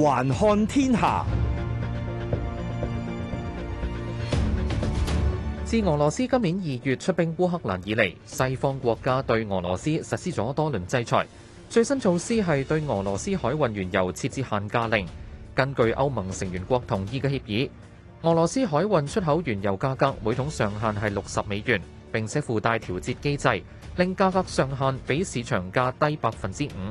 環看天下。自俄羅斯今年二月出兵烏克蘭以嚟，西方國家對俄羅斯實施咗多輪制裁。最新措施係對俄羅斯海運原油設置限價令。根據歐盟成員國同意嘅協議，俄羅斯海運出口原油價格每桶上限係六十美元，並且附帶調節機制，令價格上限比市場價低百分之五。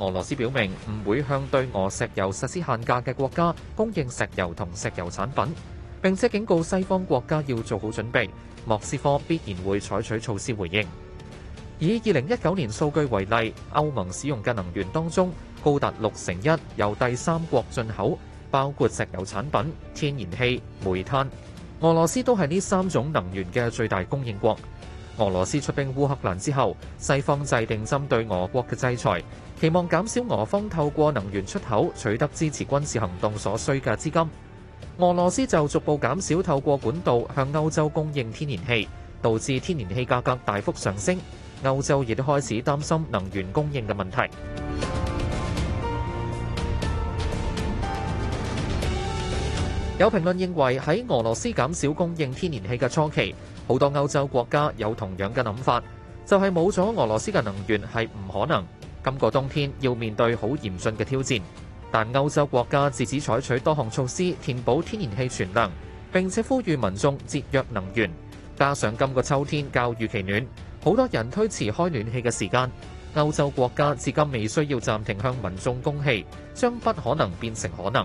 俄羅斯表明唔會向對俄石油實施限價嘅國家供應石油同石油產品，並且警告西方國家要做好準備，莫斯科必然會採取措施回應。以二零一九年數據為例，歐盟使用嘅能源當中高達六成一由第三國進口，包括石油產品、天然氣、煤炭，俄羅斯都係呢三種能源嘅最大供應國。俄羅斯出兵烏克蘭之後，西方制定針對俄國嘅制裁，期望減少俄方透過能源出口取得支持軍事行動所需嘅資金。俄羅斯就逐步減少透過管道向歐洲供應天然氣，導致天然氣價格大幅上升。歐洲亦都開始擔心能源供應嘅問題。有評論認為，喺俄羅斯減少供應天然氣嘅初期。好多歐洲國家有同樣嘅諗法，就係冇咗俄羅斯嘅能源係唔可能。今個冬天要面對好嚴峻嘅挑戰。但歐洲國家自此採取多項措施填補天然氣存量，並且呼籲民眾節約能源。加上今個秋天較預期暖，好多人推遲開暖氣嘅時間。歐洲國家至今未需要暫停向民眾供氣，將不可能變成可能。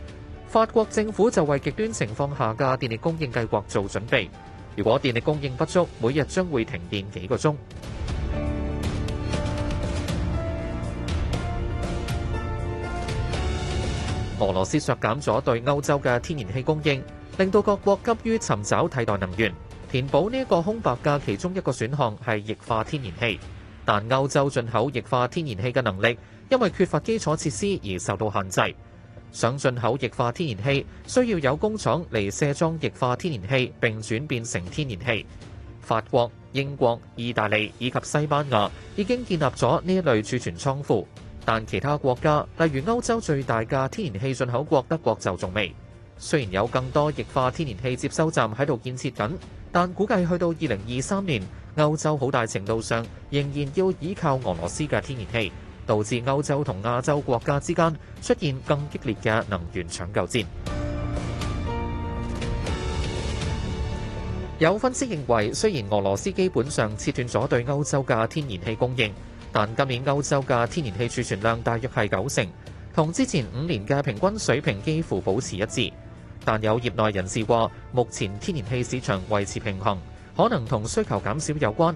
法國政府就為極端情況下嘅電力供應計劃做準備。如果電力供應不足，每日將會停電幾個鐘。俄羅斯削減咗對歐洲嘅天然氣供應，令到各國急於尋找替代能源，填補呢一個空白嘅其中一個選項，係液化天然氣。但歐洲進口液化天然氣嘅能力，因為缺乏基礎設施而受到限制。想進口液化天然氣，需要有工廠嚟卸裝液化天然氣並轉變成天然氣。法國、英國、意大利以及西班牙已經建立咗呢一類儲存倉庫，但其他國家，例如歐洲最大嘅天然氣進口國德國就仲未。雖然有更多液化天然氣接收站喺度建設緊，但估計去到二零二三年，歐洲好大程度上仍然要依靠俄羅斯嘅天然氣。導致歐洲同亞洲國家之間出現更激烈嘅能源搶救戰。有分析認為，雖然俄羅斯基本上切斷咗對歐洲嘅天然氣供應，但今年歐洲嘅天然氣儲存量大約係九成，同之前五年嘅平均水平幾乎保持一致。但有業內人士話，目前天然氣市場維持平衡，可能同需求減少有關。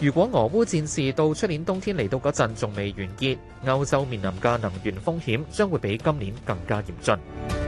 如果俄烏戰事到出年冬天嚟到嗰陣仲未完結，歐洲面臨嘅能源風險將會比今年更加嚴峻。